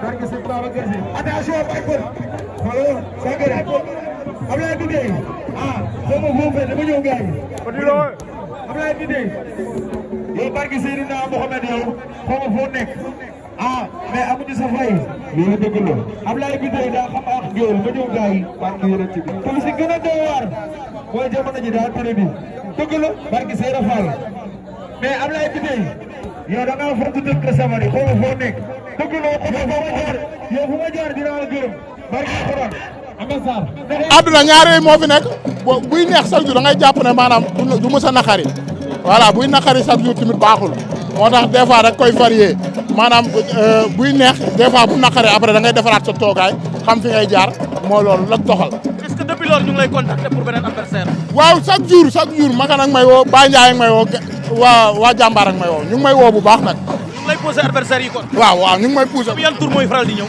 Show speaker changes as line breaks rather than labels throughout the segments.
barke sëñ Babacar Si attention bay kon xoolal Sakare Ablaye Dide ah xaw ma foofu fee dama ñëw gars yi Ablaye Dide yow barke Seydina Mohamed yow xaw ma foo nekk ah mais amuñu sa fay loolu dëgg la Ablaye Dide daa xam ak géwél ma ñëw gars yi barke yonent bi te si gën a doy waar mooy jamono ji daa tere bi dëgg la barke Seyra Fall mais Ablaye Dide yow da ngaa foog dëkk Samari xaw ma foo dëgg la yow ñaar moo fi nekk bu neex chaque jour da ngay jàpp ne maanaam du mës a naqari voilà buy naqari chaque jour tamit baaxul moo tax des fois rek koy varier maanaam euh, buy neex des bu naqari après da ngay defaraat sa toogaay xam fi ngay jaar moo loolu la doxal. que depuis loolu ñu waaw chaque jour chaque jour Makan ak may woo Baye Ndiaye may woo waa waa jàmbaar ak may woo ñu may woo bu baax nag. ngay posé adversaire yi kon. ñu ngi mooy faral di ñëw.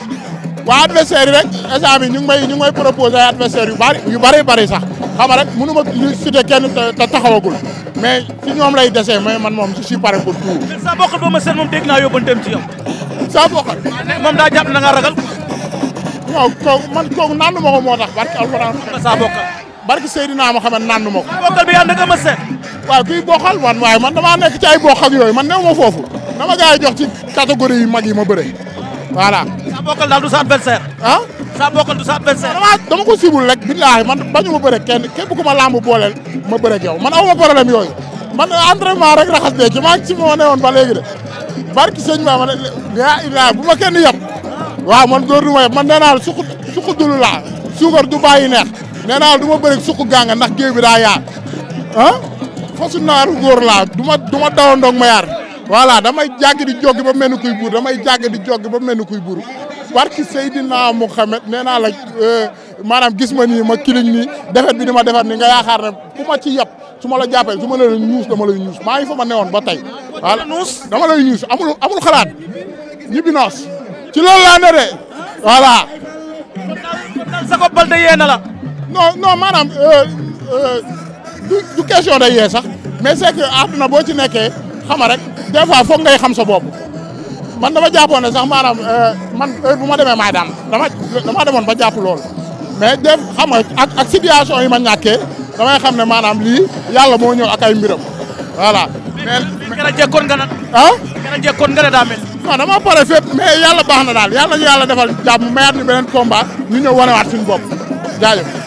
rek instant bi ñu ngi may ñu yu bari yu bari bari sax xam nga rek mënu ma ñu cité kenn te taxawagul mais ci ñoom lay desee mais man moom je suis paré pour tout. saa bokkal ba ma seen moom dégg naa yóbbanteem ci yow. saa bokkal. moom daa jàpp na nga ragal. non kooku man kooku ko moo tax barki alxuraan. saa bokkal. barki Seydina Mohamed naan ma ko. saa bokkal bi ànd ak ma seen. waaw kuy bokkal man waaye man damaa nekk ci ay bokk ak yooyu man new ma foofu. na ma gars yi jox ci catégorie yu mag yi ma bëre voilà. saa bokkal du sa adversaire. a ah? saa bokkal du sa adversaire. dama ko sibul rek billahi man bañu ma bëre kenn képp ku ma làmb booleel ma bëre ak yow man aw ma problème yooyu man entraînement rek raxas dee ci ci ma ne woon ba léegi de barki sëñ Ba ma ne bu ma kenn yab waaw man góor du ma man nee naa la suqu suqu dulu laa suukar du bàyyi neex nee naa la du ma bëre suqu gànga ndax géew bi daa yaa ah fasu naaru góor du ma du ma dawandoog ma yaar voilà damay jàgg di joggi ba mel ni kuy buur damay jàgg di joggi ba mel ni kuy buur barki Seydina Mouhamed nee naa la euh, maanaam gis ma nii ma kiliñ nii defet bi di ma defet ni nga yaakaar ne ku ma ci yab su mala la jàppee su ma la ñuus dama lay ñuus maa ngi fa ma newoon ba tey voilà dama lay ñuus amul amul xalaat ñibbi noos ci loolu laa ne de voilà sa ko de yee na la non non maanaam euh, euh, du question sax mais c'est que àdduna boo ci nekkee xama rek des fois foog ngay xam sa bopp man dama jàppoon ne sax maanaam euh, man euh, bu ma demee maay daan dama dama demoon ba jàpp loolu mais def xam ak ak situation yi ma ñàkkee damay xam ne maanaam lii yàlla moo ñëw ak mbiram voilà. mais a jekkoon nga a ah? jekkoon nga ne daa mel. non dama pare fépp mais yàlla baax na daal yàlla ñu yàlla defal jàmm mayaat ñu beneen combat ñu ñëw wanewaat suñu bopp jaajëf.